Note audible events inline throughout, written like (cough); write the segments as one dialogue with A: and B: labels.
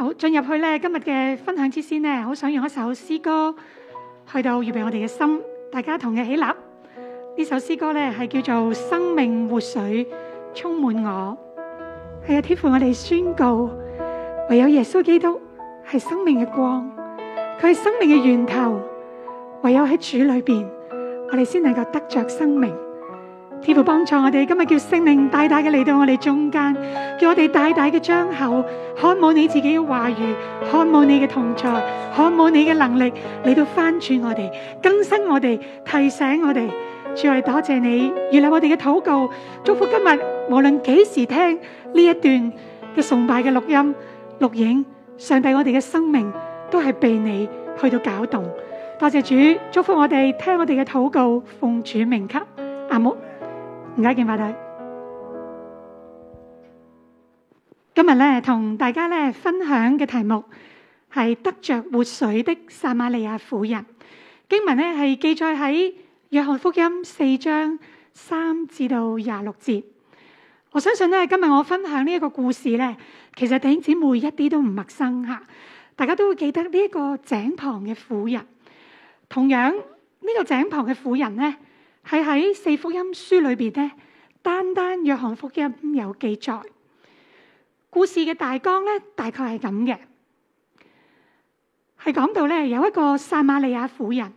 A: 好，進入去咧，今日嘅分享之先咧，好想用一首詩歌去到預備我哋嘅心，大家同你的起立。呢首詩歌咧係叫做生命活水，充滿我。係啊，天父，我哋宣告，唯有耶穌基督係生命嘅光，佢係生命嘅源頭，唯有喺主裏面，我哋先能夠得着生命。天父幫助我哋，今日叫聖靈大大嘅嚟到我哋中間，叫我哋大大嘅張口，看冇你自己嘅話語，看冇你嘅同在，看冇你嘅能力嚟到翻轉我哋，更新我哋，提醒我哋。主愛多謝你，悅納我哋嘅禱告，祝福今日無論幾時聽呢一段嘅崇拜嘅錄音錄影，上帝我哋嘅生命都係被你去到攪動。多謝主，祝福我哋聽我哋嘅禱告，奉主名給阿們。唔該，見麥蒂。今日咧同大家咧分享嘅題目係得着活水的撒瑪利亞婦人。經文咧係記載喺約翰福音四章三至到廿六節。我相信咧今日我分享呢一個故事咧，其實弟兄姊妹一啲都唔陌生吓，大家都會記得呢一個井旁嘅婦人。同樣呢，這個井旁嘅婦人咧。係喺四福音書裏邊咧，單單約翰福音有記載。故事嘅大綱咧，大概係咁嘅，係講到咧有一個撒瑪利亞婦人，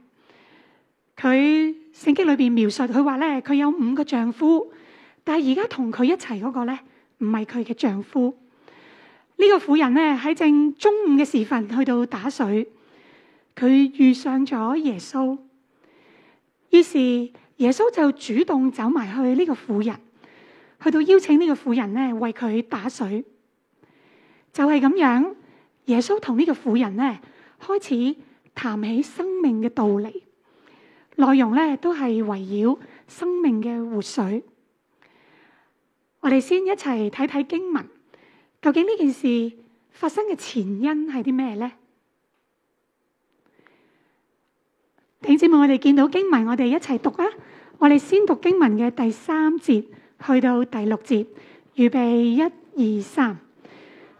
A: 佢聖經裏邊描述佢話咧，佢有五個丈夫，但係而家同佢一齊嗰個咧唔係佢嘅丈夫。呢個婦人咧喺正中午嘅時分去到打水，佢遇上咗耶穌，於是，耶穌就主動走埋去呢個婦人，去到邀請個婦呢個婦人呢為佢打水，就係、是、咁樣。耶穌同呢個婦人呢開始談起生命嘅道理，內容呢都係圍繞生命嘅活水。我哋先一齊睇睇經文，究竟呢件事發生嘅前因係啲咩呢？弟兄姊妹，我哋見到經文，我哋一齊讀啊！我哋先讀經文嘅第三節，去到第六節，預備一二三。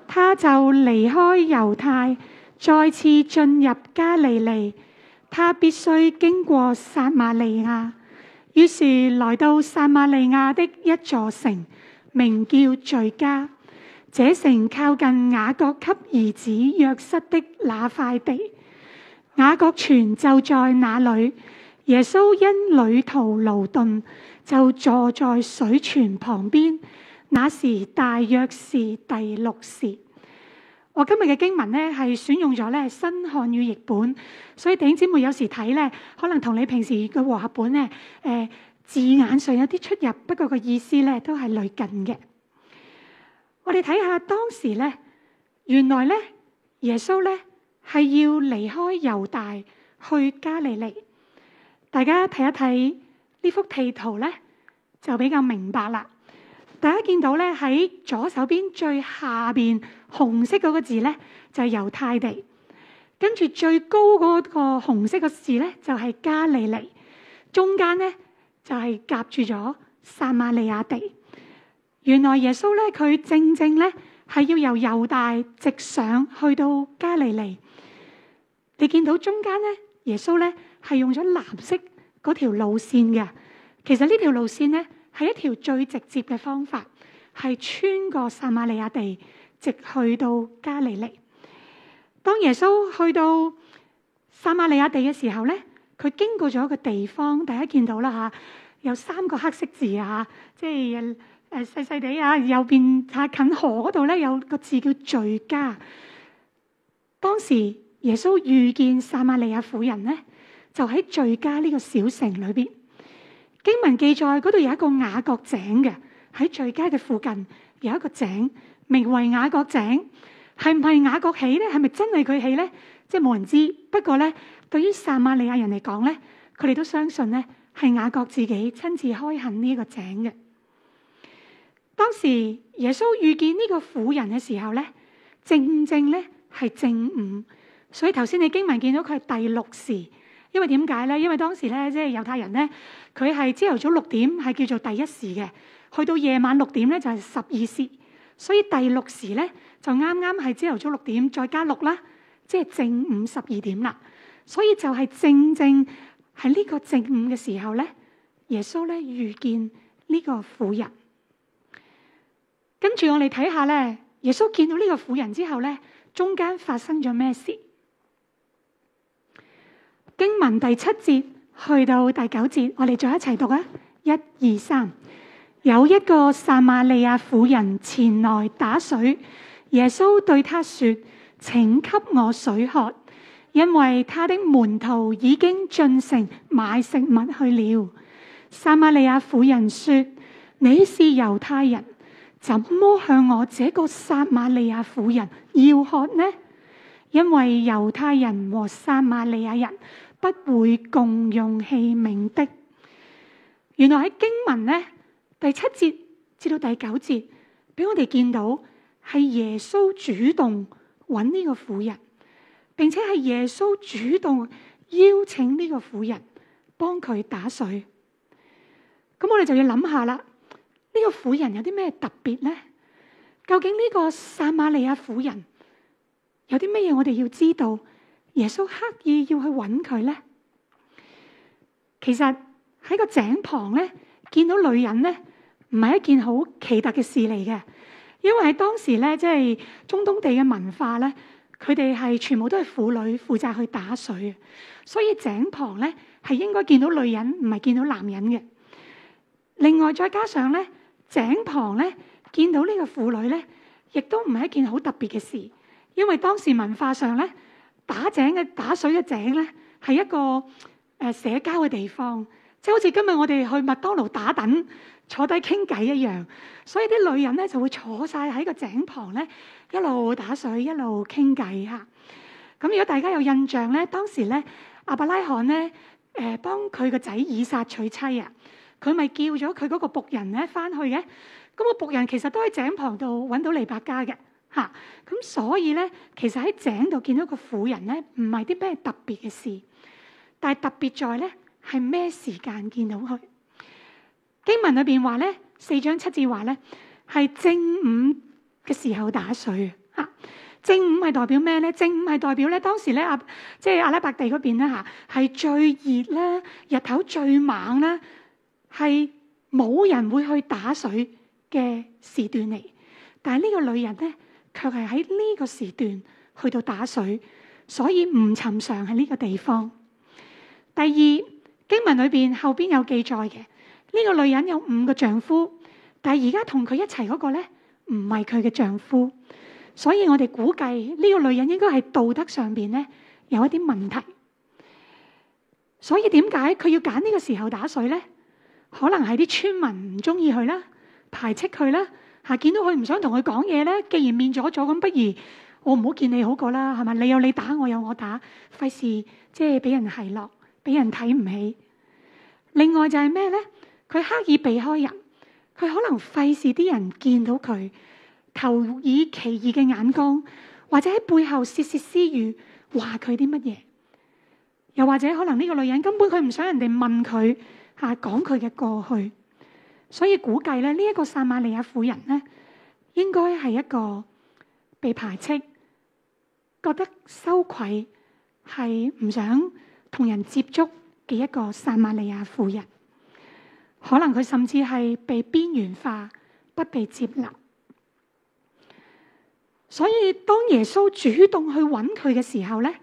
A: 他就離開猶太，再次進入加利利。他必須經過撒瑪利亞，於是來到撒瑪利亞的一座城，名叫敘加。這城靠近雅各給兒子約瑟的那塊地，雅各泉就在那裏。耶穌因旅途勞頓，就坐在水泉旁邊。那時大約是第六時。我今日嘅經文呢，係選用咗咧新漢語譯本，所以弟兄姐妹有時睇呢，可能同你平時嘅和合本呢、呃、字眼上有啲出入，不過個意思呢都係類近嘅。我哋睇下當時呢，原來呢，耶穌呢係要離開猶大去加利利。大家睇一睇呢幅地圖咧，就比較明白啦。大家見到咧，喺左手邊最下邊紅色嗰個字咧，就係猶太地。跟住最高嗰個紅色個字咧，就係加利利。中間咧就係夾住咗撒瑪利亞地。原來耶穌咧，佢正正咧係要由猶大直上去到加利利。你見到中間咧，耶穌咧。係用咗藍色嗰條路線嘅，其實呢條路線呢，係一條最直接嘅方法，係穿過撒瑪利亞地，直去到加利利。當耶穌去到撒瑪利亞地嘅時候呢，佢經過咗一個地方，大家見到啦吓，有三個黑色字啊，即係誒細細哋啊，右邊啊近河嗰度呢，有個字叫敘加。當時耶穌遇見撒瑪利亞婦人呢。就喺敘加呢個小城裏邊經文記載，嗰度有一個雅各井嘅。喺敘加嘅附近有一個井，名為雅各井。係唔係雅各起呢？係咪真係佢起呢？即係冇人知。不過呢，對於撒瑪利亞人嚟講呢，佢哋都相信呢係雅各自己親自開墾呢個井嘅。當時耶穌遇見呢個婦人嘅時候呢，正正呢係正午，所以頭先你經文見到佢係第六時。因為點解呢？因為當時咧，即係猶太人咧，佢係朝頭早六點係叫做第一時嘅，去到夜晚六點咧就係十二時，所以第六時咧就啱啱係朝頭早六點，再加六啦，即係正午十二點啦。所以就係正正喺呢個正午嘅時候咧，耶穌咧遇見呢個婦人。跟住我哋睇下咧，耶穌見到呢個婦人之後咧，中間發生咗咩事？經文第七節去到第九節，我哋再一齊讀啊！一二三，有一個撒瑪利亞婦人前來打水，耶穌對他說：請給我水喝，因為他的門徒已經進城買食物去了。撒瑪利亞婦人說：你是猶太人，怎麼向我這個撒瑪利亞婦人要喝呢？因為猶太人和撒瑪利亞人不會共用器皿的。原來喺經文呢，第七節至到第九節，俾我哋見到係耶穌主動揾呢個婦人，並且係耶穌主動邀請呢個婦人幫佢打水。咁我哋就要諗下啦，呢個婦人有啲咩特別呢？究竟呢個撒瑪利亞婦人？有啲乜嘢我哋要知道？耶穌刻意要去揾佢咧。其實喺個井旁咧，見到女人咧，唔係一件好奇特嘅事嚟嘅，因為喺當時咧，即係中東地嘅文化咧，佢哋係全部都係婦女負責去打水，所以井旁咧係應該見到女人，唔係見到男人嘅。另外再加上咧，井旁咧見到呢個婦女咧，亦都唔係一件好特別嘅事。因為當時文化上咧，打井嘅打水嘅井咧，係一個誒、呃、社交嘅地方，即係好似今日我哋去麥當勞打躉坐低傾偈一樣，所以啲女人咧就會坐晒喺個井旁咧，一路打水一路傾偈嚇。咁、嗯、如果大家有印象咧，當時咧阿伯拉罕咧誒幫佢個仔以撒娶妻啊，佢咪叫咗佢嗰個僕人咧翻去嘅，咁、那個僕人其實都喺井旁度揾到利百加嘅。嚇！咁、啊、所以咧，其實喺井度見到個婦人咧，唔係啲咩特別嘅事，但係特別在咧係咩時間見到佢？經文裏邊話咧，四章七字話咧係正午嘅時候打水啊！正午係代表咩咧？正午係代表咧當時咧阿即係阿拉伯地嗰邊咧嚇係最熱啦，日頭最猛啦，係冇人會去打水嘅時段嚟。但係呢個女人咧，卻係喺呢個時段去到打水，所以唔尋常喺呢個地方。第二經文裏邊後邊有記載嘅，呢個女人有五個丈夫，但係而家同佢一齊嗰個呢，唔係佢嘅丈夫，所以我哋估計呢個女人應該係道德上邊呢有一啲問題。所以點解佢要揀呢個時候打水呢？可能係啲村民唔中意佢啦，排斥佢啦。嚇！見到佢唔想同佢講嘢咧，既然面阻阻，咁不如我唔好見你好過啦，係咪？你有你打，我有我打，費事即係俾人奚落，俾人睇唔起。另外就係咩咧？佢刻意避開人，佢可能費事啲人見到佢投以奇異嘅眼光，或者喺背後竊竊私語話佢啲乜嘢。又或者可能呢個女人根本佢唔想人哋問佢嚇講佢嘅過去。所以估計咧，呢一個撒馬利亞婦人咧，應該係一個被排斥、覺得羞愧、係唔想同人接觸嘅一個撒馬利亞婦人。可能佢甚至係被邊緣化、不被接納。所以當耶穌主動去揾佢嘅時候咧，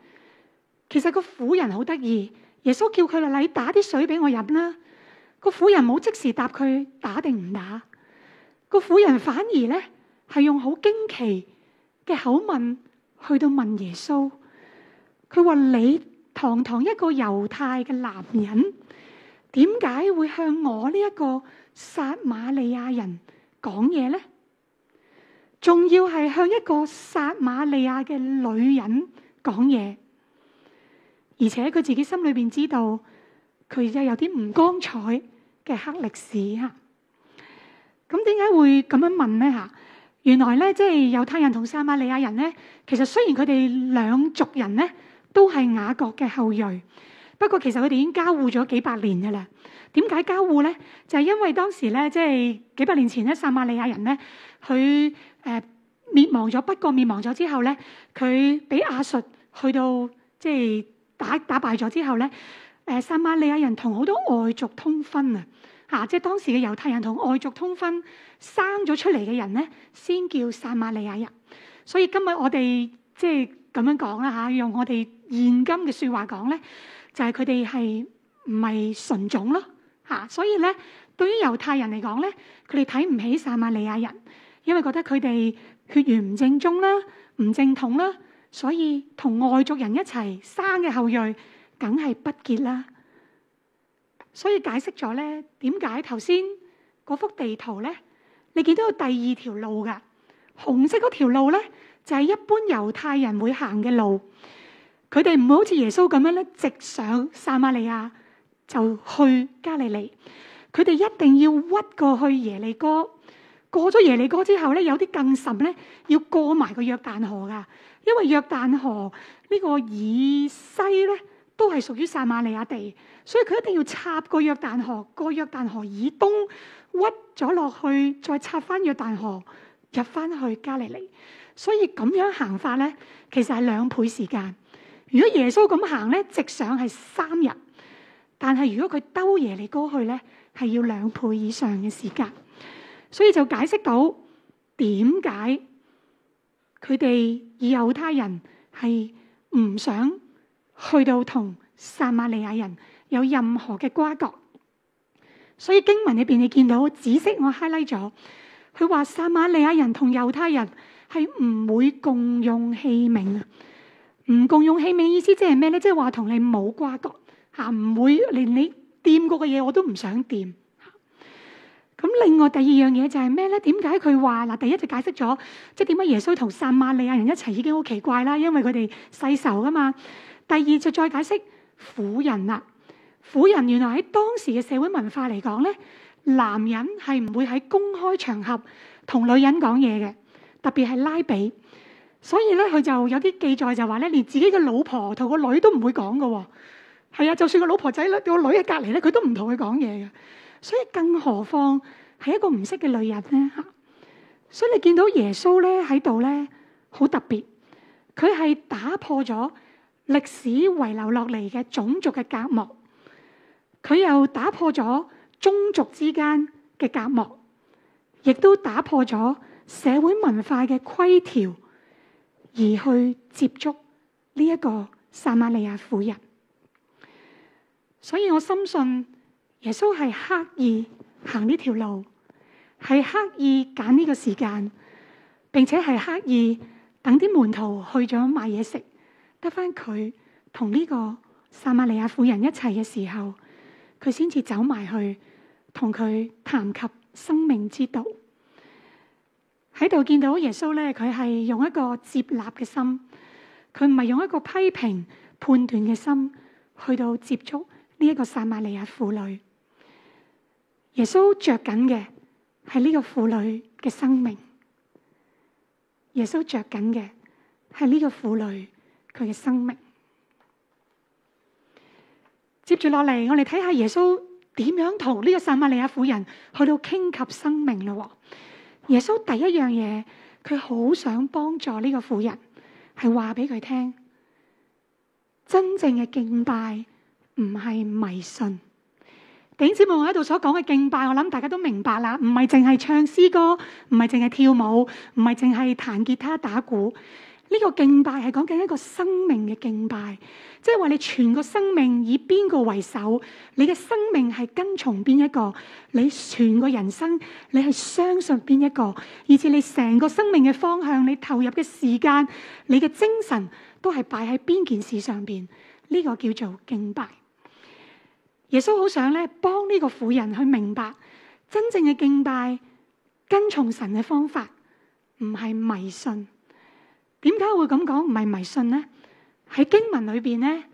A: 其實個婦人好得意，耶穌叫佢，你打啲水俾我飲啦。個婦人冇即時答佢打定唔打，個婦人反而咧係用好驚奇嘅口吻去到問耶穌，佢話你堂堂一個猶太嘅男人，點解會向我呢一個撒瑪利亞人講嘢呢？仲要係向一個撒瑪利亞嘅女人講嘢，而且佢自己心裏邊知道佢就有啲唔光彩。嘅黑歷史嚇，咁點解會咁樣問咧嚇？原來咧，即係猶太人同撒馬利亞人咧，其實雖然佢哋兩族人咧都係雅各嘅後裔，不過其實佢哋已經交惡咗幾百年㗎喇。點解交惡咧？就係因為當時咧，即係幾百年前咧，撒馬利亞人咧，佢誒滅亡咗。不過滅亡咗之後咧，佢俾亞述去到即係打打敗咗之後咧。誒撒馬利亞人同好多外族通婚啊！嚇，即係當時嘅猶太人同外族通婚生咗出嚟嘅人咧，先叫撒馬利亞人。所以今日我哋即係咁樣講啦嚇，用我哋現今嘅説話講咧，就係佢哋係唔係純種咯嚇、啊？所以咧，對於猶太人嚟講咧，佢哋睇唔起撒馬利亞人，因為覺得佢哋血緣唔正宗啦，唔正統啦，所以同外族人一齊生嘅後裔。梗係不潔啦，所以解釋咗咧點解頭先嗰幅地圖咧，你見到有第二條路噶，紅色嗰條路咧，就係、是、一般猶太人會行嘅路。佢哋唔會好似耶穌咁樣咧，直上撒馬利亞就去加利利。佢哋一定要屈過去耶利哥。過咗耶利哥之後咧，有啲更甚咧，要過埋個約旦河噶，因為約旦河呢、這個以西咧。都係屬於撒馬利亞地，所以佢一定要插過約旦河，過約旦河以東屈咗落去，再插翻約旦河入翻去加利利。所以咁樣行法呢，其實係兩倍時間。如果耶穌咁行呢，直上係三日，但係如果佢兜耶利哥去呢，係要兩倍以上嘅時間。所以就解釋到點解佢哋以猶太人係唔想。去到同撒瑪利亞人有任何嘅瓜葛，所以經文裏邊你見到紫色我 highlight 咗，佢話撒瑪利亞人同猶太人係唔會共用器皿啊！唔共用器皿意思即係咩呢？即係話同你冇瓜葛嚇，唔、啊、會連你掂過嘅嘢我都唔想掂。咁另外第二樣嘢就係咩呢？點解佢話嗱，第一就解釋咗，即係點解耶穌同撒瑪利亞人一齊已經好奇怪啦，因為佢哋世仇㗎嘛。第二就再解釋婦人啦，婦人原來喺當時嘅社會文化嚟講咧，男人係唔會喺公開場合同女人講嘢嘅，特別係拉比。所以咧，佢就有啲記載就話咧，連自己嘅老婆同個女都唔會講㗎喎。係啊，就算個老婆仔咧、個女喺隔離咧，佢都唔同佢講嘢嘅。所以更何況係一個唔識嘅女人咧嚇。所以你見到耶穌咧喺度咧，好特別，佢係打破咗。歷史遺留落嚟嘅種族嘅隔膜，佢又打破咗宗族之間嘅隔膜，亦都打破咗社會文化嘅規條，而去接觸呢一個撒瑪利亞婦人。所以我深信耶穌係刻意行呢條路，係刻意揀呢個時間，並且係刻意等啲門徒去咗買嘢食。得翻佢同呢個撒瑪利亞婦人一齊嘅時候，佢先至走埋去同佢談及生命之道。喺度見到耶穌咧，佢係用一個接納嘅心，佢唔係用一個批評判斷嘅心去到接觸呢一個撒瑪利亞婦女。耶穌着緊嘅係呢個婦女嘅生命。耶穌着緊嘅係呢個婦女。佢嘅生命。接住落嚟，我哋睇下耶穌點樣同呢個撒瑪利亞婦人去到傾及生命咯。耶穌第一樣嘢，佢好想幫助呢個婦人，係話俾佢聽：真正嘅敬拜唔係迷信。弟兄姊妹喺度所講嘅敬拜，我諗大家都明白啦，唔係淨係唱詩歌，唔係淨係跳舞，唔係淨係彈吉他打鼓。呢個敬拜係講緊一個生命嘅敬拜，即係話你全個生命以邊個為首，你嘅生命係跟從邊一個，你全個人生你係相信邊一個，而且你成個生命嘅方向，你投入嘅時間，你嘅精神都係擺喺邊件事上邊，呢、這個叫做敬拜。耶穌好想咧幫呢個婦人去明白真正嘅敬拜，跟從神嘅方法唔係迷信。點解會咁講唔係迷信呢？喺經文裏邊呢，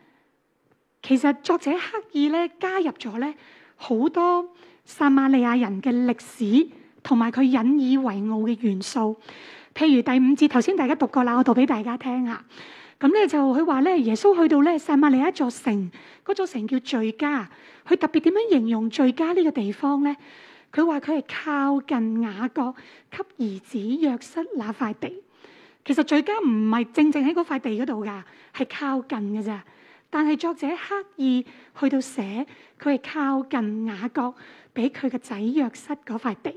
A: 其實作者刻意咧加入咗咧好多撒瑪利亞人嘅歷史同埋佢引以為傲嘅元素。譬如第五節，頭先大家讀過啦，我讀俾大家聽吓。咁咧就佢話咧，耶穌去到咧撒瑪利亞一座城，嗰座城叫敘加。佢特別點樣形容敘加呢個地方咧？佢話佢係靠近雅各給兒子約瑟那塊地。其實最佳唔係正正喺嗰塊地嗰度㗎，係靠近嘅咋。但係作者刻意去到寫佢係靠近雅各俾佢嘅仔約瑟嗰塊地。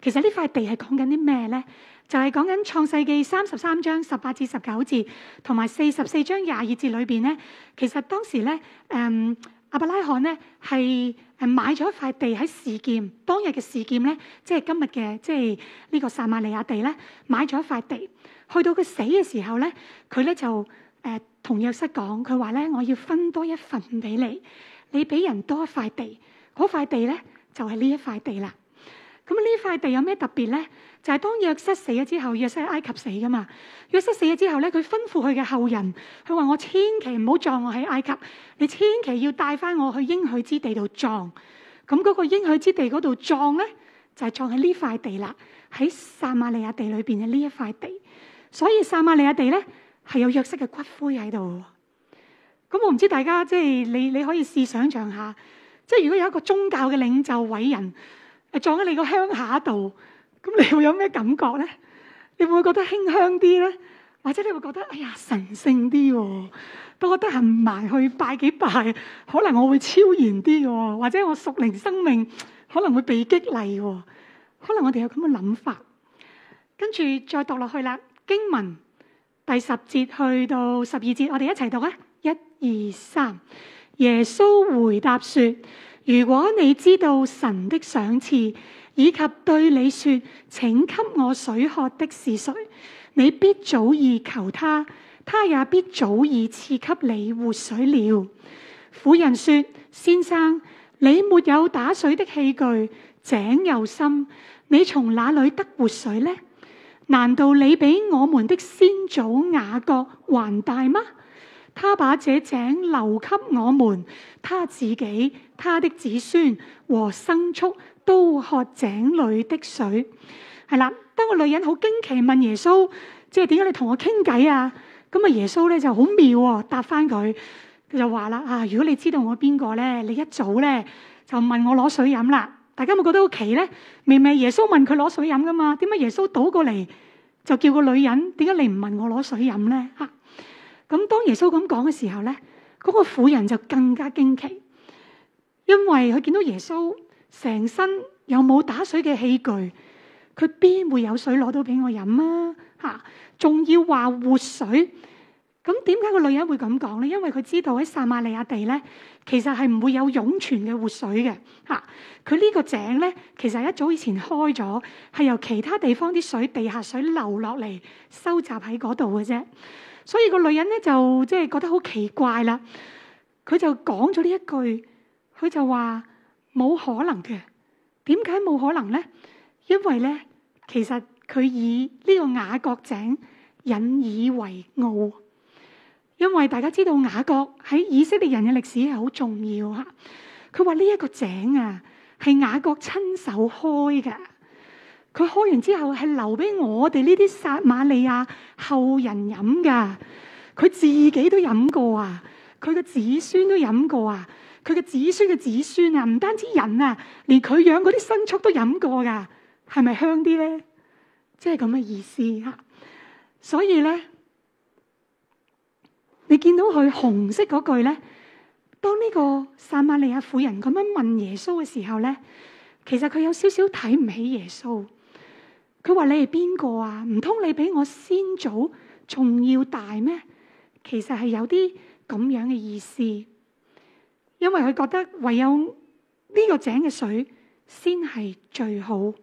A: 其實呢塊地係講緊啲咩呢？就係講緊創世記三十三章十八至十九節同埋四十四章廿二節裏邊呢。其實當時呢，誒、嗯、亞伯拉罕呢係誒買咗一塊地喺示劍，當日嘅示劍呢，即係今日嘅即係呢個撒瑪利亞地呢，買咗一塊地。去到佢死嘅時候咧，佢咧就誒同、呃、約瑟講，佢話咧我要分多一份俾你，你俾人多一塊地，嗰塊地咧就係呢一塊地啦。咁呢塊地有咩特別咧？就係、是、當約瑟死咗之後，約瑟喺埃及死㗎嘛。約瑟死咗之後咧，佢吩咐佢嘅後人，佢話我千祈唔好葬我喺埃及，你千祈要帶翻我去應許之地度葬。」咁嗰個應許之地嗰度葬咧，就係、是、葬喺呢塊地啦，喺撒瑪利亞地裏邊嘅呢一塊地。所以撒瑪利亞地咧係有約瑟嘅骨灰喺度。咁我唔知大家即係你你可以試想像下，即係如果有一個宗教嘅領袖偉人係葬喺你個鄉下度，咁你會有咩感覺咧？你會唔會覺得馨香啲咧，或者你會覺得哎呀神聖啲喎，都覺得行埋去拜幾拜，可能我會超然啲喎、哦，或者我屬靈生命可能會被激勵喎、哦，可能我哋有咁嘅諗法。跟住再讀落去啦。經文第十節去到十二節，我哋一齊讀啊！一二三，耶穌回答說：如果你知道神的賞賜以及對你說，請給我水喝的是誰，你必早已求他，他也必早已賜給你活水了。婦人說：先生，你沒有打水的器具，井又深，你從哪裏得活水呢？難道你比我們的先祖雅各還大嗎？他把這井留給我們，他自己、他的子孫和牲畜都喝井裏的水。係、嗯、啦，當個女人好驚奇問耶穌：即係點解你同我傾偈啊？咁啊，耶穌咧就好妙、哦，答翻佢，佢就話啦：啊，如果你知道我係邊個咧，你一早咧就問我攞水飲啦。大家有冇覺得好奇咧？明明耶穌問佢攞水飲噶嘛，點解耶穌倒過嚟就叫個女人，點解你唔問我攞水飲咧？嚇、啊！咁當耶穌咁講嘅時候咧，嗰個婦人就更加驚奇，因為佢見到耶穌成身又冇打水嘅器具，佢邊會有水攞到俾我飲啊？嚇、啊！仲要話活水。咁點解個女人會咁講呢？因為佢知道喺撒瑪利亞地呢，其實係唔會有湧泉嘅活水嘅嚇。佢呢個井呢，其實一早以前開咗，係由其他地方啲水、地下水流落嚟收集喺嗰度嘅啫。所以個女人呢就即係覺得好奇怪啦。佢就講咗呢一句，佢就話冇可能嘅。點解冇可能呢？因為呢，其實佢以呢個雅各井引以為傲。因為大家知道雅各喺以色列人嘅歷史係好重要吓，佢話呢一個井啊，係雅各親手開嘅，佢開完之後係留俾我哋呢啲撒瑪利亞後人飲噶，佢自己都飲過啊，佢嘅子孫都飲過啊，佢嘅子孫嘅子孫啊，唔單止人啊，連佢養嗰啲牲畜都飲過噶，係咪香啲咧？即係咁嘅意思吓，所以咧。你見到佢紅色嗰句呢，當呢個撒馬利亞婦人咁樣問耶穌嘅時候呢，其實佢有少少睇唔起耶穌。佢話：你係邊個啊？唔通你比我先祖仲要大咩？其實係有啲咁樣嘅意思，因為佢覺得唯有呢個井嘅水先係最好，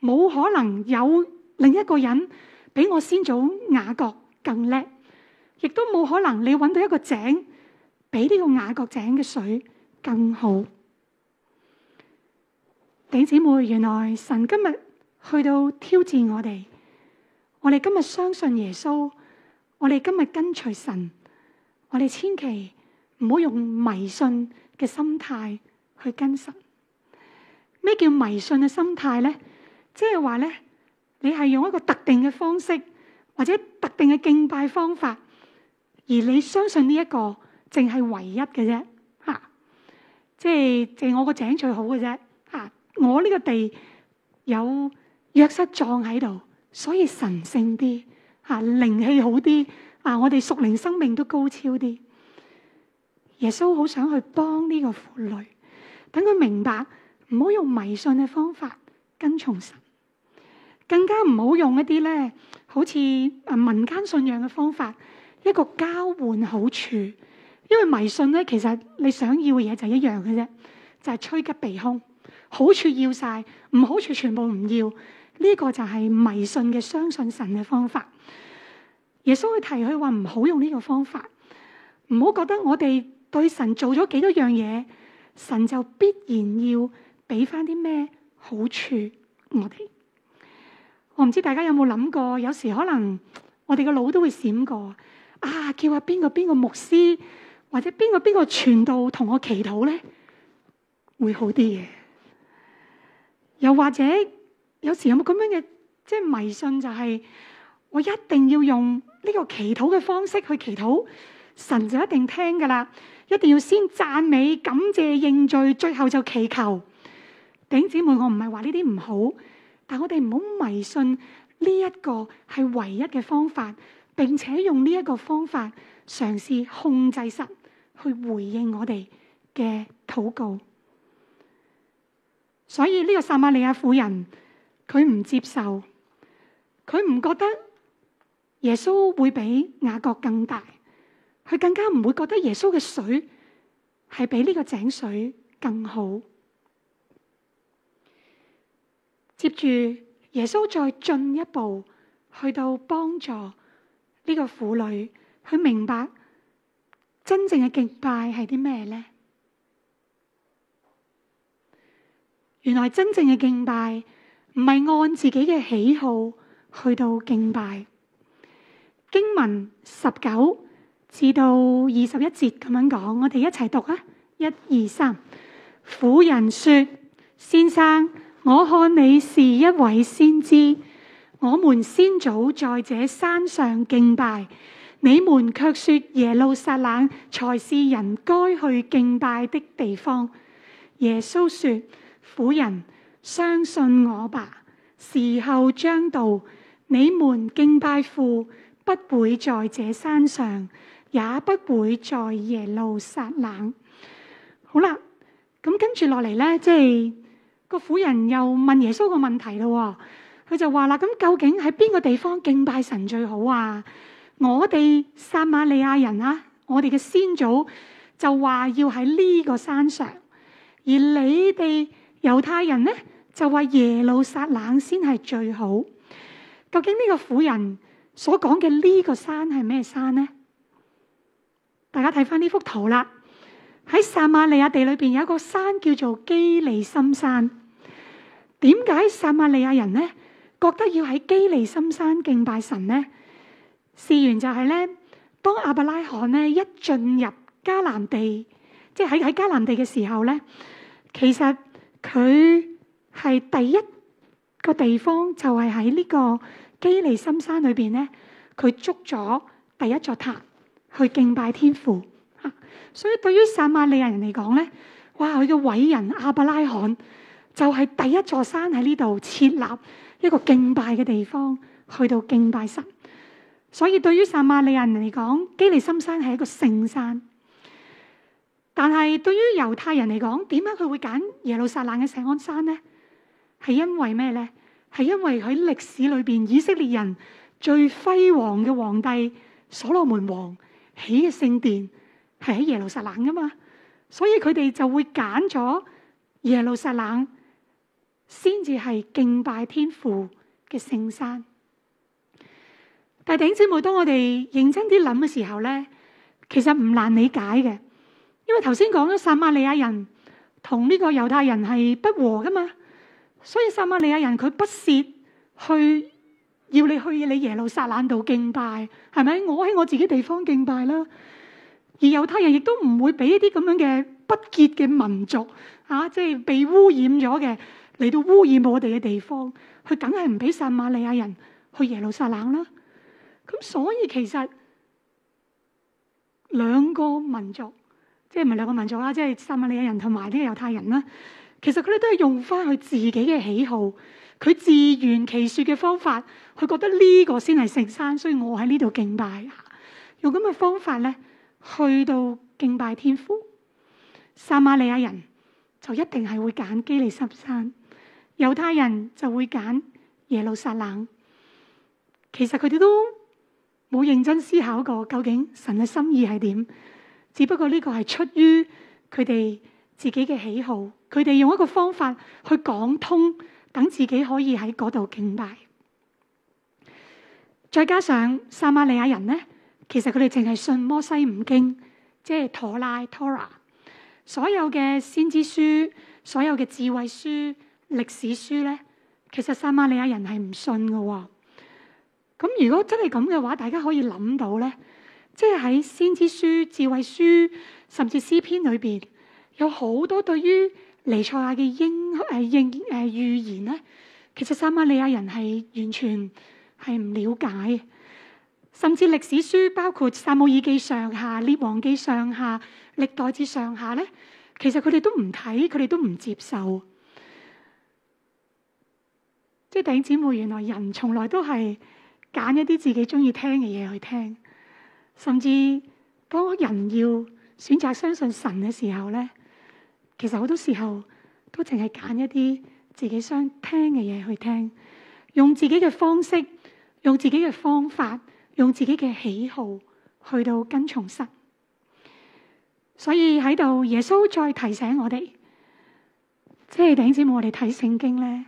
A: 冇可能有另一個人比我先祖雅各更叻。亦都冇可能，你揾到一個井，比呢個雅各井嘅水更好。弟兄姊妹，原來神今日去到挑戰我哋，我哋今日相信耶穌，我哋今日跟隨神，我哋千祈唔好用迷信嘅心態去跟神。咩叫迷信嘅心態呢？即係話呢，你係用一個特定嘅方式或者特定嘅敬拜方法。而你相信呢一個，淨係唯一嘅啫，嚇、啊，即係淨我個井最好嘅啫，嚇、啊。我呢個地有約瑟葬喺度，所以神聖啲嚇，靈、啊、氣好啲啊！我哋屬靈生命都高超啲。耶穌好想去幫呢個婦女，等佢明白唔好用迷信嘅方法跟從神，更加唔好用一啲咧，好似啊民間信仰嘅方法。一個交換好處，因為迷信咧，其實你想要嘅嘢就一樣嘅啫，就係趨吉避凶，好處要晒，唔好處全部唔要。呢個就係迷信嘅相信神嘅方法。耶穌會提佢話唔好用呢個方法，唔好覺得我哋對神做咗幾多樣嘢，神就必然要俾翻啲咩好處我哋。我唔知大家有冇諗過，有時可能我哋嘅腦都會閃過。啊！叫下邊個邊個牧師，或者邊個邊個傳道同我祈禱呢？會好啲嘅。又或者有時有冇咁樣嘅，即係迷信就係、是、我一定要用呢個祈禱嘅方式去祈禱，神就一定聽噶啦。一定要先讚美、感謝、認罪，最後就祈求。弟兄姊妹，我唔係話呢啲唔好，但我哋唔好迷信呢一、這個係唯一嘅方法。並且用呢一個方法嘗試控制神去回應我哋嘅禱告，所以呢個撒瑪利亞婦人佢唔接受，佢唔覺得耶穌會比雅各更大，佢更加唔會覺得耶穌嘅水係比呢個井水更好。接住耶穌再進一步去到幫助。呢個婦女，佢明白真正嘅敬拜係啲咩呢？原來真正嘅敬拜唔係按自己嘅喜好去到敬拜。經文十九至到二十一節咁樣講，我哋一齊讀啊！一二三，婦人說：先生，我看你是一位先知。我們先祖在這山上敬拜，你們卻說耶路撒冷才是人該去敬拜的地方。耶穌說：婦人，相信我吧，時候將到，你們敬拜父不會在這山上，也不會在耶路撒冷。好啦，咁跟住落嚟呢，即係個婦人又問耶穌個問題咯。佢就話啦，咁究竟喺邊個地方敬拜神最好啊？我哋撒瑪利亞人啊，我哋嘅先祖就話要喺呢個山上，而你哋猶太人呢，就話耶路撒冷先係最好。究竟呢個婦人所講嘅呢個山係咩山呢？大家睇翻呢幅圖啦，喺撒瑪利亞地裏邊有一個山叫做基利心山。點解撒瑪利亞人呢？覺得要喺基利心山敬拜神呢？事源就係呢：當亞伯拉罕呢一進入迦南地，即係喺喺迦南地嘅時候呢，其實佢係第一個地方就係喺呢個基利心山裏邊呢，佢捉咗第一座塔去敬拜天父。 (laughs) 所以對於撒瑪利亞人嚟講呢，哇！佢嘅偉人亞伯拉罕。就係第一座山喺呢度設立一個敬拜嘅地方，去到敬拜神。所以對於撒瑪利亞人嚟講，基利心山係一個聖山。但係對於猶太人嚟講，點解佢會揀耶路撒冷嘅錫安山呢？係因為咩呢？係因為喺歷史裏邊，以色列人最輝煌嘅皇帝所羅門王起嘅聖殿係喺耶路撒冷噶嘛。所以佢哋就會揀咗耶路撒冷。先至係敬拜天父嘅聖山，但係頂姐妹，每當我哋認真啲諗嘅時候咧，其實唔難理解嘅，因為頭先講咗撒瑪利亞人同呢個猶太人係不和噶嘛，所以撒瑪利亞人佢不屑去要你去你耶路撒冷度敬拜，係咪？我喺我自己地方敬拜啦。而猶太人亦都唔會俾一啲咁樣嘅不潔嘅民族啊，即係被污染咗嘅。嚟到污染我哋嘅地方，佢梗係唔俾撒瑪利亞人去耶路撒冷啦。咁所以其實兩個民族，即係唔係兩個民族啦，即係撒瑪利亞人同埋呢個猶太人啦。其實佢哋都係用翻佢自己嘅喜好，佢自圓其説嘅方法，佢覺得呢個先係聖山，所以我喺呢度敬拜。用咁嘅方法咧，去到敬拜天父，撒瑪利亞人就一定係會揀基利心山。猶太人就會揀耶路撒冷，其實佢哋都冇認真思考過究竟神嘅心意係點，只不過呢個係出於佢哋自己嘅喜好，佢哋用一個方法去講通，等自己可以喺嗰度敬拜。再加上撒瑪利亞人呢，其實佢哋淨係信摩西五經，即係陀拉 （Tora），所有嘅先知書，所有嘅智慧書。歷史書咧，其實撒馬利亞人係唔信嘅喎、哦。咁如果真係咁嘅話，大家可以諗到咧，即係喺先知書、智慧書，甚至詩篇裏邊，有好多對於彌賽亞嘅應誒、呃、應誒預、呃呃、言咧，其實撒馬利亞人係完全係唔了解，甚至歷史書包括《撒母耳記上下》、《列王記上下》、《歷代志上下》咧，其實佢哋都唔睇，佢哋都唔接受。即係弟兄姊妹，原來人從來都係揀一啲自己中意聽嘅嘢去聽，甚至當人要選擇相信神嘅時候咧，其實好多時候都淨係揀一啲自己想聽嘅嘢去聽，用自己嘅方式，用自己嘅方法，用自己嘅喜好去到跟從神。所以喺度，耶穌再提醒我哋，即係弟兄姊妹，我哋睇聖經咧。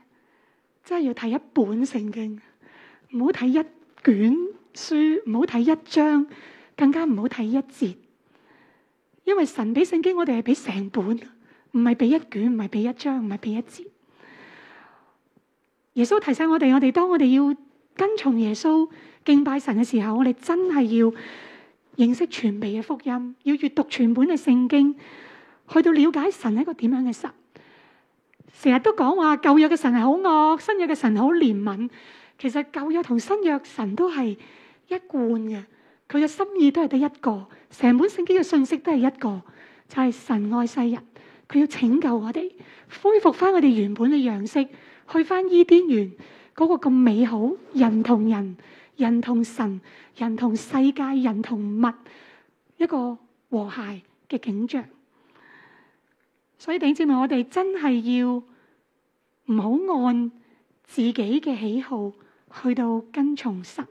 A: 真係要睇一本聖經，唔好睇一卷書，唔好睇一章，更加唔好睇一節。因為神俾聖經，我哋係俾成本，唔係俾一卷，唔係俾一章，唔係俾一節。耶穌提醒我哋，我哋當我哋要跟從耶穌敬拜神嘅時候，我哋真係要認識全備嘅福音，要閱讀全本嘅聖經，去到了解神係一個點樣嘅神。成日都講話舊約嘅神係好惡，新約嘅神好憐憫。其實舊約同新約神都係一貫嘅，佢嘅心意都係得一個。成本聖經嘅信息都係一個，就係、是、神愛世人，佢要拯救我哋，恢復翻我哋原本嘅樣式，去翻伊甸園嗰、那個咁美好，人同人，人同神，人同世界，人同物，一個和諧嘅景象。所以頂住，我哋真係要唔好按自己嘅喜好去到跟從神。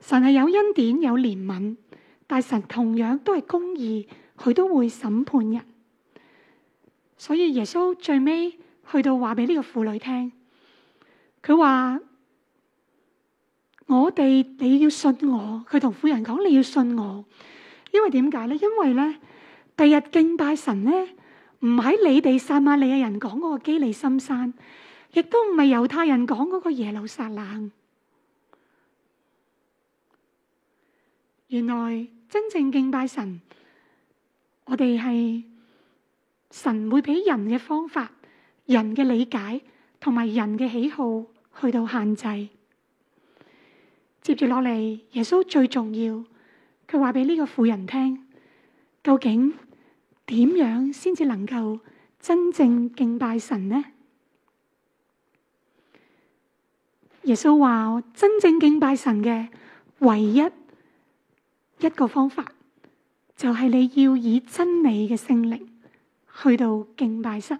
A: 神係有恩典、有憐憫，但神同樣都係公義，佢都會審判人。所以耶穌最尾去到話俾呢個婦女聽，佢話，我哋你要信我。佢同婦人講，你要信我，因為點解呢？因為呢。」第日敬拜神咧，唔喺你哋撒瑪利亞人講嗰個基利心山，亦都唔係猶太人講嗰個耶路撒冷。原來真正敬拜神，我哋係神會俾人嘅方法，人嘅理解同埋人嘅喜好去到限制。接住落嚟，耶穌最重要，佢話俾呢個婦人聽，究竟？點樣先至能夠真正敬拜神呢？耶穌話：真正敬拜神嘅唯一一個方法，就係、是、你要以真理嘅聖靈去到敬拜室。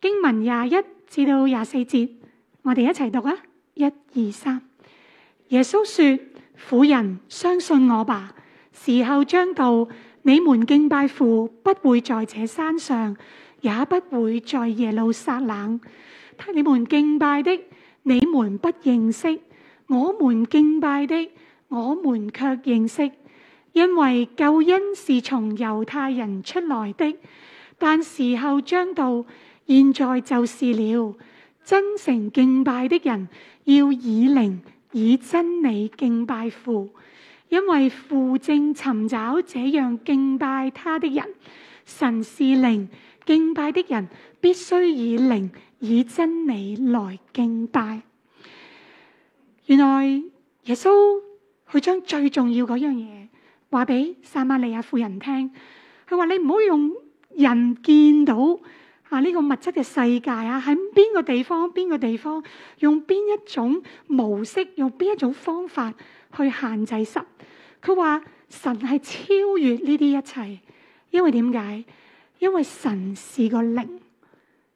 A: 經文廿一至到廿四節，我哋一齊讀啊！一二三，耶穌說：婦人相信我吧，時候將到。你們敬拜父，不會在這山上，也不會在耶路撒冷。你們敬拜的，你們不認識；我們敬拜的，我們卻認識。因為救恩是從猶太人出來的，但時候將到，現在就是了。真誠敬拜的人，要以靈以真理敬拜父。因為父正尋找這樣敬拜他的人，神是靈，敬拜的人必須以靈、以真理來敬拜。原來耶穌佢將最重要嗰樣嘢話俾撒瑪利亞婦人聽，佢話你唔好用人見到。啊！呢，這個物質嘅世界啊，喺邊個地方？邊個地方？用邊一種模式？用邊一種方法去限制神？佢話神係超越呢啲一切，因為點解？因為神是個靈，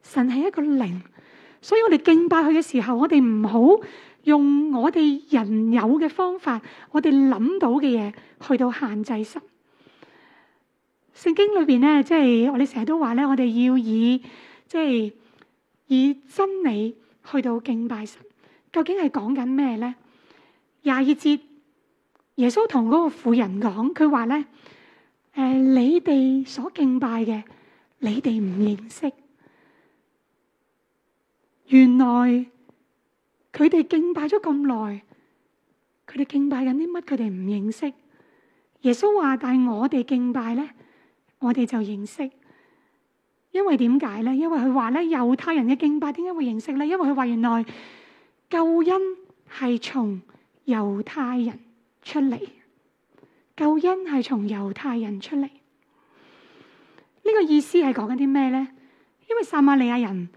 A: 神係一個靈，所以我哋敬拜佢嘅時候，我哋唔好用我哋人有嘅方法，我哋諗到嘅嘢去到限制神。聖經裏邊呢，即係，我哋成日都話呢，我哋要以，即係，以真理去到敬拜神。究竟係講緊咩呢？廿二節，我哋就認識，因為點解呢？因為佢話呢，猶太人嘅敬拜點解會認識呢？因為佢話原來救恩係從猶太人出嚟，救恩係從猶太人出嚟。呢個意思係講緊啲咩呢？因為撒馬利亞人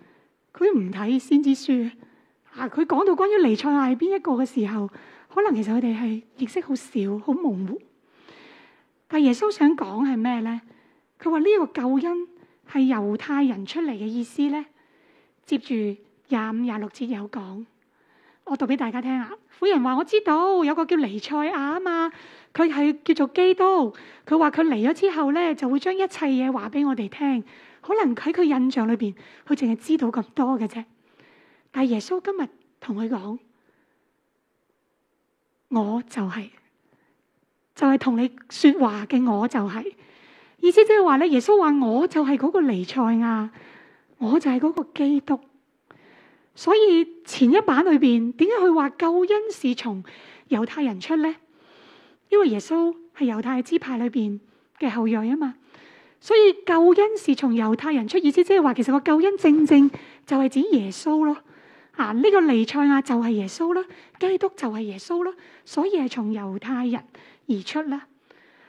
A: 佢唔睇先知書啊，佢講到關於彌賽亞係邊一個嘅時候，可能其實佢哋係認識好少，好模糊。但耶穌想講係咩呢？佢話呢個救恩係猶太人出嚟嘅意思呢？接住廿五廿六節有講，我讀俾大家聽啊。婦人話，我知道有個叫尼賽亞啊嘛，佢係叫做基督。佢話佢嚟咗之後呢，就會將一切嘢話俾我哋聽。可能喺佢印象裏邊，佢淨係知道咁多嘅啫。但耶穌今日同佢講，我就係，就係同你說話嘅我就係。意思即係話咧，耶穌話我就係嗰個尼賽亞，我就係嗰個基督。所以前一版裏邊點解佢話救恩是從猶太人出呢？因為耶穌係猶太支派裏邊嘅後裔啊嘛，所以救恩是從猶太人出。意思即係話，其實個救恩正正就係指耶穌咯。啊，呢個尼賽亞就係耶穌啦，基督就係耶穌啦，所以係從猶太人而出啦。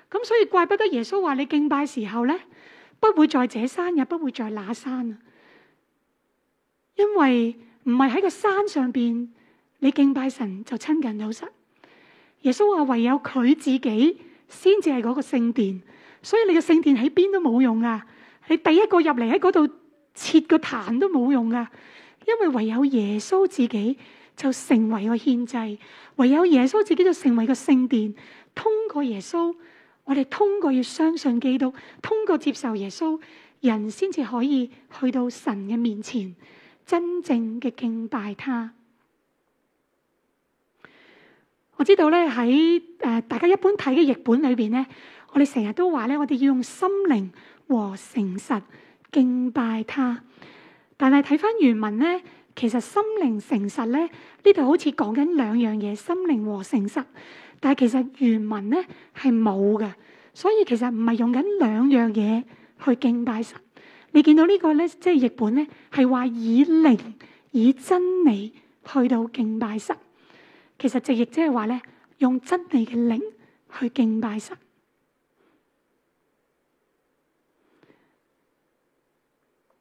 A: 咁所以怪不得耶穌話，你敬拜時候咧，不會在這山，也不會在那山啊。因為唔係喺個山上邊，你敬拜神就親近有神。耶穌話唯有佢自己先至係嗰個聖殿，所以你嘅聖殿喺邊都冇用啊。你第一個入嚟喺嗰度設個壇都冇用啊。因為唯有耶穌自己就成為個獻祭，唯有耶穌自己就成為個聖殿。通過耶穌。我哋通過要相信基督，通過接受耶穌，人先至可以去到神嘅面前，真正嘅敬拜他。我知道咧喺誒大家一般睇嘅譯本裏邊咧，我哋成日都話咧，我哋要用心靈和誠實敬拜他。但係睇返原文咧，其實心靈誠實咧，呢度好似講緊兩樣嘢，心靈和誠實。但係其實原文咧係冇嘅，所以其實唔係用緊兩樣嘢去敬拜神。你見到呢個咧，即係譯本咧係話以靈以真理去到敬拜神。其實就亦即係話咧，用真理嘅靈去敬拜神。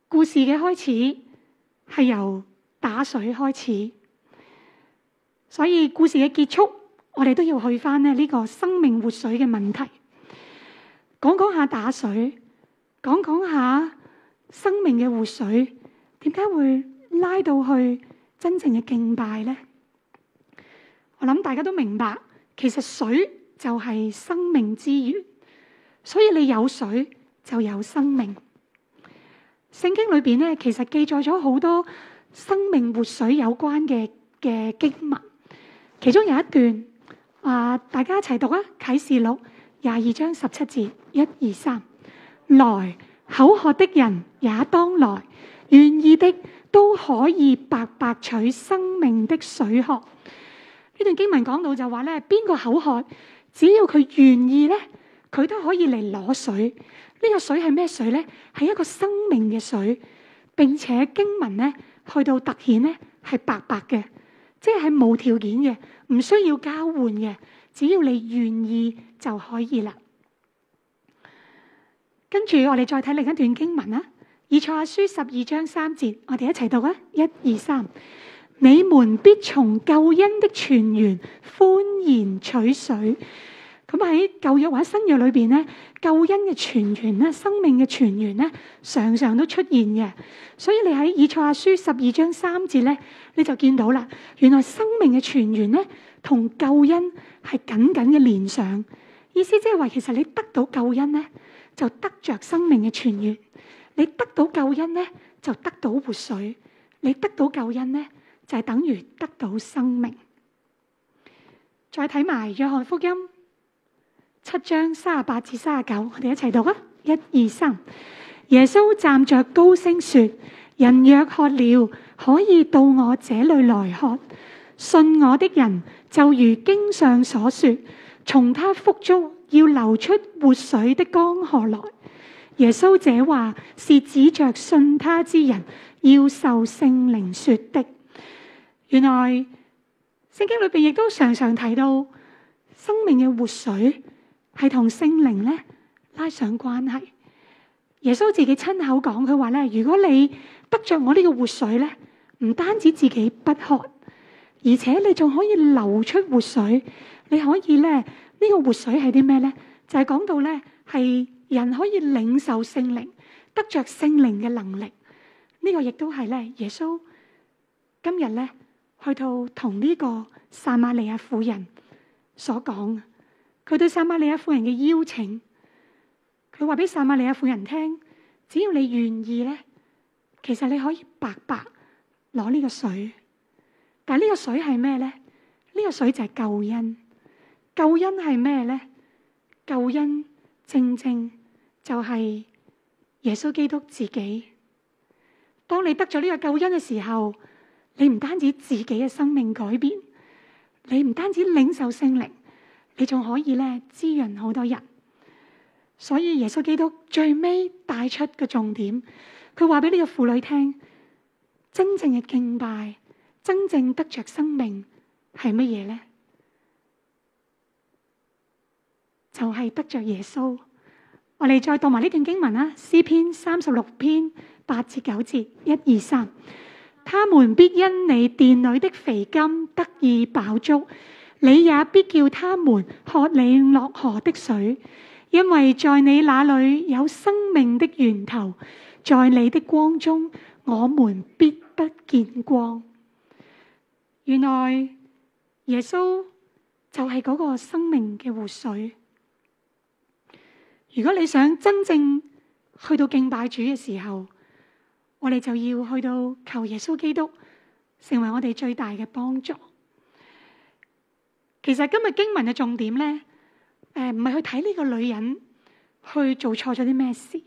A: 故事嘅開始係由打水開始，所以故事嘅結束。我哋都要去翻呢個生命活水嘅問題，講講下打水，講講下生命嘅活水，點解會拉到去真正嘅敬拜呢？我諗大家都明白，其實水就係生命之源，所以你有水就有生命。聖經裏邊咧，其實記載咗好多生命活水有關嘅嘅經文，其中有一段。啊！大家一齊讀啊，啟錄《啟示錄》廿二章十七節，一二三，來口渴的人也當來，願意的都可以白白取生命的水喝。呢段經文講到就話咧，邊個口渴，只要佢願意咧，佢都可以嚟攞水。呢、這個水係咩水咧？係一個生命嘅水。並且經文咧去到突顯咧係白白嘅。即係無條件嘅，唔需要交換嘅，只要你願意就可以啦。跟住我哋再睇另一段經文啦，《以賽亞書》十二章三節，我哋一齊讀啊，一二三，你們必從救恩的泉源歡然取水。咁喺舊約或者新約裏邊咧，救恩嘅泉源咧，生命嘅泉源咧，常常都出現嘅。所以你喺以賽亞書十二章三節咧，你就見到啦。原來生命嘅泉源咧，同救恩係緊緊嘅連上。意思即係話，其實你得到救恩咧，就得著生命嘅泉源；你得到救恩咧，就得到活水；你得到救恩咧，就係等於得到生命。再睇埋約翰福音。七章三十八至三十九，我哋一齊讀啊！一二三，耶穌站着高聲說：人若渴了，可以到我這裏來喝。信我的人就如經上所說，從他腹中要流出活水的江河來。耶穌這話是指着信他之人要受聖靈說的。原來聖經裏邊亦都常常提到生命嘅活水。係同聖靈咧拉上關係，耶穌自己親口講佢話咧：如果你得着我呢個活水咧，唔單止自己不渴，而且你仲可以流出活水。你可以咧呢，這個活水係啲咩咧？就係、是、講到咧係人可以領受聖靈，得着聖靈嘅能力。呢，這個亦都係咧耶穌今日咧去到同呢個撒瑪利亞婦人所講。佢對撒馬利亞婦人嘅邀請，佢話俾撒馬利亞婦人聽：只要你願意咧，其實你可以白白攞呢個水。但係呢個水係咩咧？呢個水就係救恩。救恩係咩咧？救恩正正就係耶穌基督自己。當你得咗呢個救恩嘅時候，你唔單止自己嘅生命改變，你唔單止領受聖靈。你仲可以咧滋潤好多人，所以耶穌基督最尾帶出嘅重點，佢話俾呢個婦女聽：真正嘅敬拜，真正得着生命係乜嘢呢？就係、是、得着耶穌。我哋再讀埋呢段經文啦，《詩篇，篇》三十六篇八至九節，一二三，他們必因你殿裏的肥甘得以飽足。你也必叫他們喝你落河的水，因為在你那裏有生命的源頭。在你的光中，我們必不見光。原來耶穌就係嗰個生命嘅活水。如果你想真正去到敬拜主嘅時候，我哋就要去到求耶穌基督成為我哋最大嘅幫助。其實今日經文嘅重點咧，誒，唔係去睇呢個女人去做錯咗啲咩事。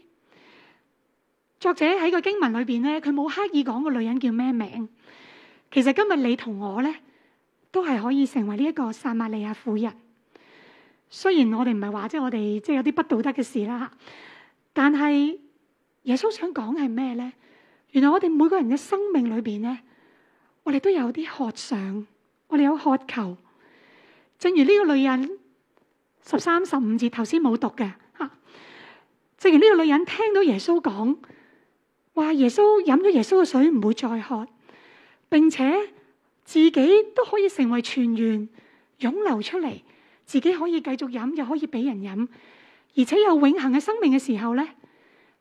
A: 作者喺個經文裏邊咧，佢冇刻意講個女人叫咩名。其實今日你同我咧，都係可以成為呢一個撒瑪利亞婦人。雖然我哋唔係話即係我哋即係有啲不道德嘅事啦，但係耶穌想講係咩咧？原來我哋每個人嘅生命裏邊咧，我哋都有啲渴想，我哋有渴求。正如呢個女人十三十五節頭先冇讀嘅，吓，正如呢個女人聽到耶穌講，話耶穌飲咗耶穌嘅水唔會再渴，並且自己都可以成為泉源湧流出嚟，自己可以繼續飲，又可以俾人飲，而且有永恆嘅生命嘅時候呢，呢、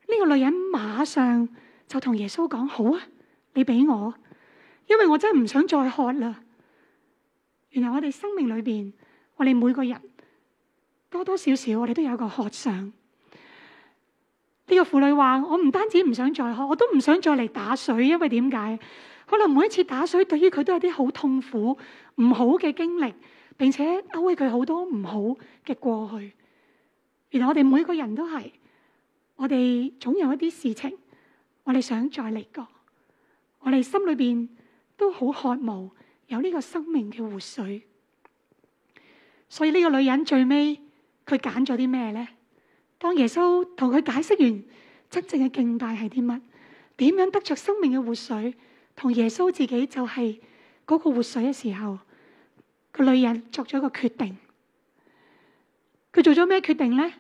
A: 呢個女人馬上就同耶穌講： (laughs) 好啊，你俾我，因為我真係唔想再渴啦。原來我哋生命裏邊，我哋每個人多多少少，我哋都有個渴想。呢個婦女話：我唔單止唔想再渴，我都唔想再嚟打水，因為點解？可能每一次打水，對於佢都有啲好痛苦、唔好嘅經歷，並且勾起佢好多唔好嘅過去。原來我哋每個人都係，我哋總有一啲事情，我哋想再嚟過，我哋心裏邊都好渴望。有呢個生命嘅活水，所以呢個女人最尾佢揀咗啲咩呢？當耶穌同佢解釋完真正嘅敬拜係啲乜，點樣得着生命嘅活水，同耶穌自己就係嗰個活水嘅時候，個女人作咗個決定。佢做咗咩決定呢？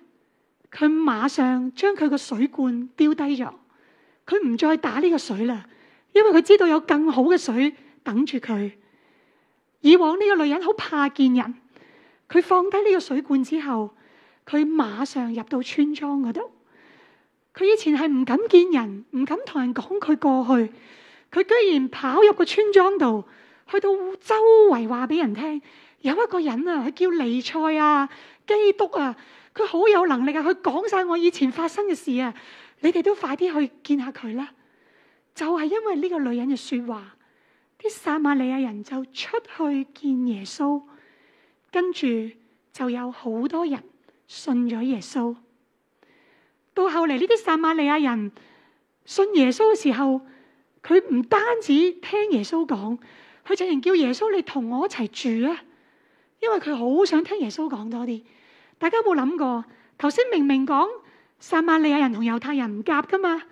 A: 佢馬上將佢個水罐丟低咗，佢唔再打呢個水啦，因為佢知道有更好嘅水等住佢。以往呢個女人好怕見人，佢放低呢個水罐之後，佢馬上入到村莊嗰度。佢以前係唔敢見人，唔敢同人講佢過去。佢居然跑入個村莊度，去到周圍話俾人聽：有一個人啊，佢叫尼賽啊，基督啊，佢好有能力啊，佢講晒我以前發生嘅事啊！你哋都快啲去見下佢啦！就係因為呢個女人嘅說話。啲撒瑪利亞人就出去見耶穌，跟住就有好多人信咗耶穌。到後嚟，呢啲撒瑪利亞人信耶穌嘅時候，佢唔單止聽耶穌講，佢仲叫耶穌，你同我一齊住啊！因為佢好想聽耶穌講多啲。大家有冇諗過？頭先明明講撒瑪利亞人同猶太人唔夾噶嘛，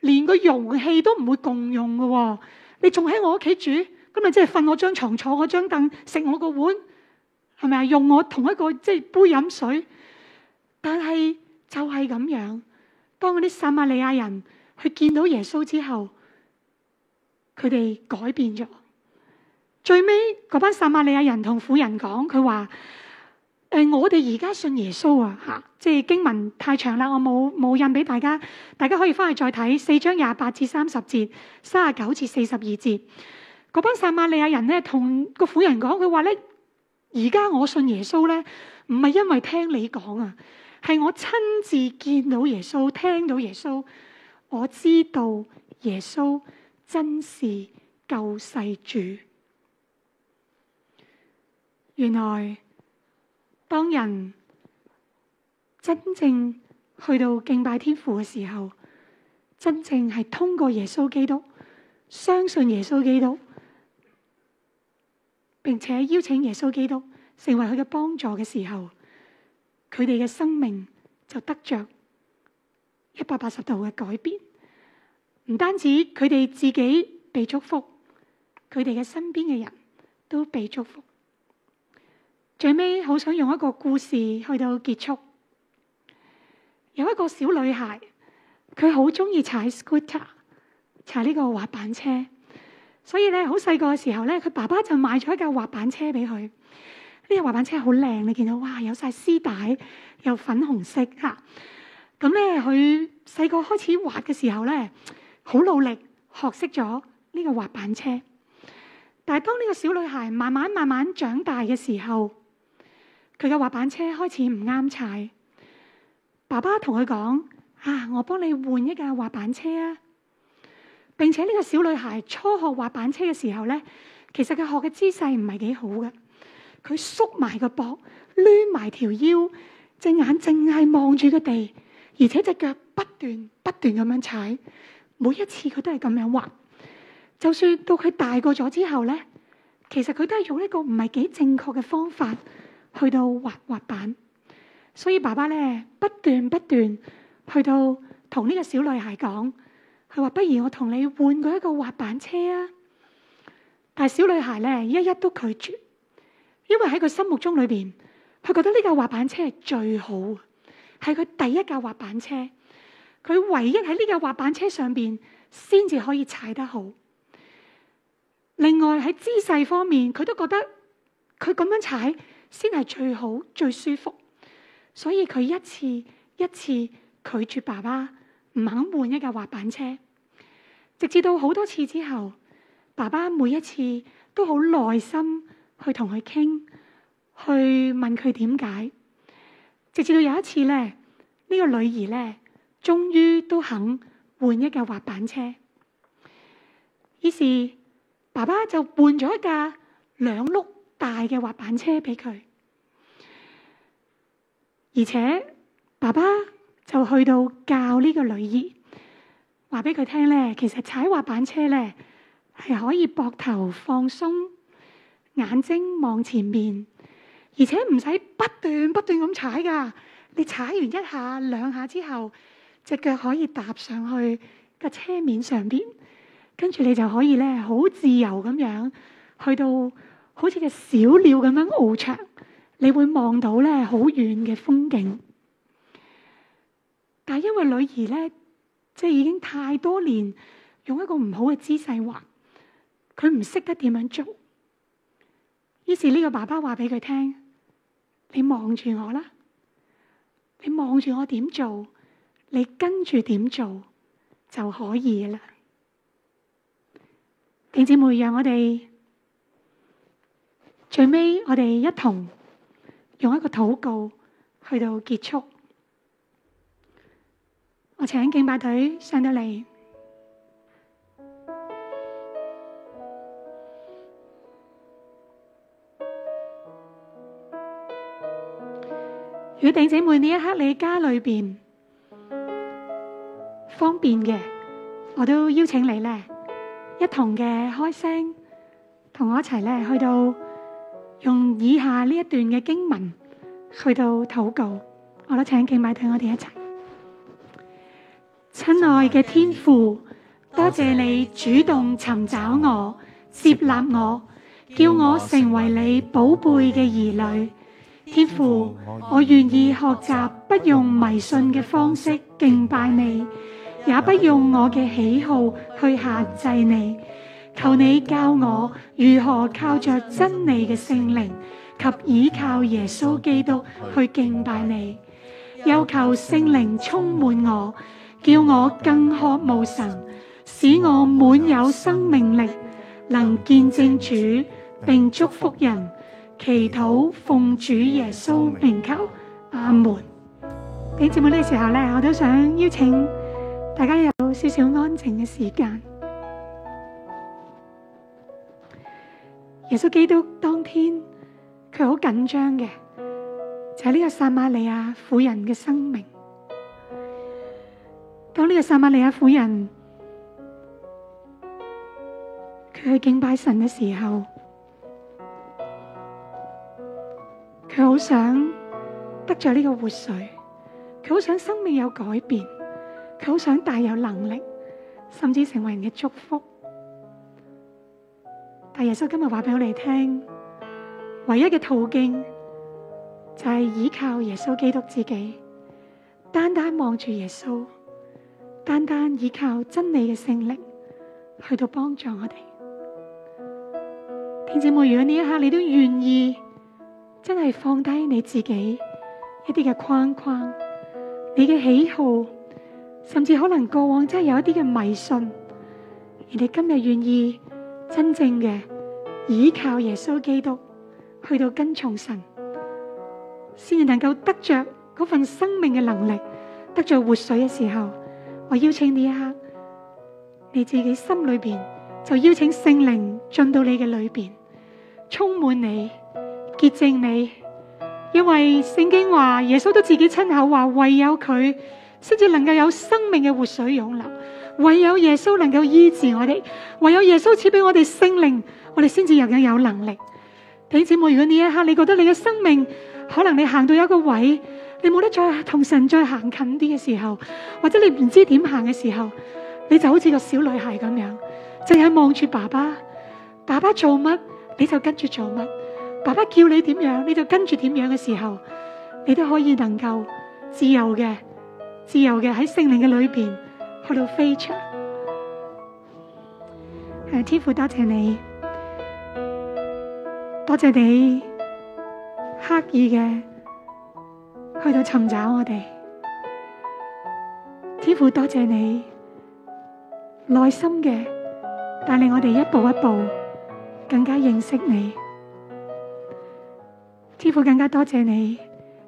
A: 連個容器都唔會共用噶。你仲喺我屋企住，咁咪即係瞓我張床，坐我張凳，食我個碗，係咪啊？用我同一個即係杯飲水，但係就係咁樣。當嗰啲撒瑪利亞人去見到耶穌之後，佢哋改變咗。最尾嗰班撒瑪利亞人同婦人講，佢話。誒，我哋而家信耶穌啊，吓，即係經文太長啦，我冇冇印俾大家，大家可以翻去再睇四章廿八至三十節，三十九至四十二節。嗰班撒瑪利亞人咧，同個婦人講，佢話咧，而家我信耶穌咧，唔係因為聽你講啊，係我親自見到耶穌，聽到耶穌，我知道耶穌真是救世主。原來。當人真正去到敬拜天父嘅時候，真正係通過耶穌基督，相信耶穌基督，並且邀請耶穌基督成為佢嘅幫助嘅時候，佢哋嘅生命就得着一百八十度嘅改變。唔單止佢哋自己被祝福，佢哋嘅身邊嘅人都被祝福。最尾好想用一個故事去到結束。有一個小女孩，佢好中意踩 scooter 踩呢個滑板車。所以咧，好細個嘅時候咧，佢爸爸就買咗一架滑板車俾佢。呢個滑板車好靚，你見到哇，有晒絲帶，有粉紅色吓。咁咧，佢細個開始滑嘅時候咧，好努力學識咗呢個滑板車。但係當呢個小女孩慢慢慢慢長大嘅時候，佢嘅滑板車開始唔啱踩，爸爸同佢講：啊，我幫你換一架滑板車啊！並且呢個小女孩初學滑板車嘅時候呢，其實佢學嘅姿勢唔係幾好嘅，佢縮埋個膊，攣埋條腰，隻眼淨係望住個地，而且隻腳不斷不斷咁樣踩，每一次佢都係咁樣滑。就算到佢大個咗之後呢，其實佢都係用一個唔係幾正確嘅方法。去到滑滑板，所以爸爸咧不斷不斷去到同呢個小女孩講，佢話不如我同你換過一個滑板車啊！但係小女孩咧，一一都拒絕，因為喺佢心目中裏邊，佢覺得呢架滑板車係最好，係佢第一架滑板車，佢唯一喺呢架滑板車上邊先至可以踩得好。另外喺姿勢方面，佢都覺得佢咁樣踩。先係最好最舒服，所以佢一次一次拒絕爸爸，唔肯換一架滑板車，直至到好多次之後，爸爸每一次都好耐心去同佢傾，去問佢點解，直至到有一次呢，呢、呢個女兒呢，終於都肯換一架滑板車，於是爸爸就換咗一架兩碌大嘅滑板車俾佢。而且爸爸就去到教呢個女兒，話俾佢聽咧，其實踩滑板車咧係可以膊頭放鬆，眼睛望前面，而且唔使不斷不斷咁踩噶。你踩完一下兩下之後，隻腳可以踏上去個車面上邊，跟住你就可以咧好自由咁樣去到好似隻小鳥咁樣翱翔。你會望到咧好遠嘅風景，但係因為女兒咧，即係已經太多年用一個唔好嘅姿勢畫，佢唔識得點樣做。於是呢個爸爸話俾佢聽：你望住我啦，你望住我點做，你跟住點做就可以啦。弟兄姊妹，讓我哋，最尾我哋一同。用一個禱告去到結束，我請敬拜隊上到嚟。如果弟兄姊妹呢一刻，你家裏邊方便嘅，我都邀請你咧，一同嘅開聲，同我一齊咧去到。用以下呢一段嘅經文去到禱告，我都請敬禮同我哋一齊。親愛嘅天父，多謝你主動尋找我、接納我，叫我成為你寶貝嘅兒女。天父，我願意學習不用迷信嘅方式敬拜你，也不用我嘅喜好去限制你。求你教我如何靠着真理嘅聖靈及倚靠耶穌基督去敬拜你；又求聖靈充滿我，叫我更渴慕神，使我滿有生命力，能見證主，並祝福人。祈禱奉主耶穌名求，阿門。喺節目呢個時候咧，我都想邀請大家有少少安靜嘅時間。耶穌基督當天，佢好緊張嘅，但耶穌今日話俾我哋聽，唯一嘅途徑就係依靠耶穌基督自己，單單望住耶穌，單單依靠真理嘅聖靈去到幫助我哋。姐妹，如果呢一刻你都願意，真係放低你自己一啲嘅框框，你嘅喜好，甚至可能過往真係有一啲嘅迷信，你哋今日願意。真正嘅倚靠耶穌基督去到跟從神，先至能夠得着份生命嘅能力，得着活水嘅時候，我邀請呢一刻，你自己心裏邊就邀請聖靈進到你嘅裏邊，充滿你，潔淨你，因為聖經話耶穌都自己親口話，唯有佢先至能夠有生命嘅活水湧流。唯有耶穌能夠醫治我哋，唯有耶穌賜俾我哋聖靈，我哋先至又有有能力。弟兄姊妹，如果呢一刻你覺得你嘅生命可能你行到一個位，你冇得再同神再行近啲嘅時候，或者你唔知點行嘅時候，你就好似個小女孩咁樣，淨係望住爸爸，爸爸做乜你就跟住做乜，爸爸叫你點樣你就跟住點樣嘅時候，你都可以能夠自由嘅，自由嘅喺聖靈嘅裏邊。去到非常，誒，天父多謝你，多謝你刻意嘅去到尋找我哋。天父多謝你，耐心嘅帶領我哋一步一步更加認識你。天父更加多謝你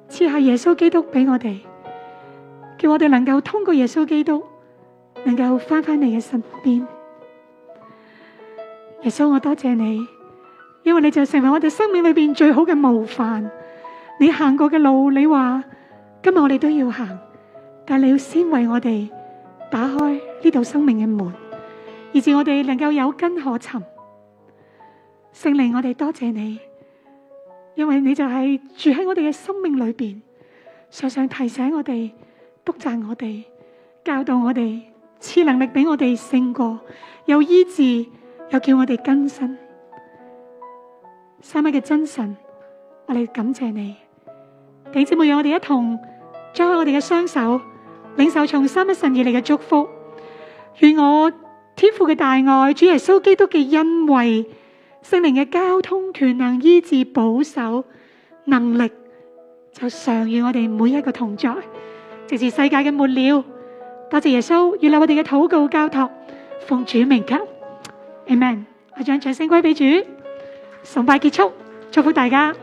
A: 賜下耶穌基督俾我哋，叫我哋能夠通過耶穌基督。能夠翻返你嘅身邊，耶穌，我多謝你，因為你就成為我哋生命裏邊最好嘅模範。你行過嘅路，你話今日我哋都要行，但你要先為我哋打開呢道生命嘅門，以致我哋能夠有根可尋。聖靈，我哋多謝你，因為你就係住喺我哋嘅生命裏邊，常常提醒我哋、督責我哋、教導我哋。賜能力俾我哋勝過，有醫治，又叫我哋更新。三一嘅真神，我哋感謝你。弟兄姊妹，讓我哋一同張開我哋嘅雙手領受從三一神而嚟嘅祝福。願我天父嘅大愛，主耶穌基督嘅恩惠，聖靈嘅交通權能，醫治保守能力，就常與我哋每一個同在，直至世界嘅末了。多謝耶穌，願立我哋嘅禱告，教徒奉主名求，阿門。我將掌聲歸俾主，崇拜結束，祝福大家。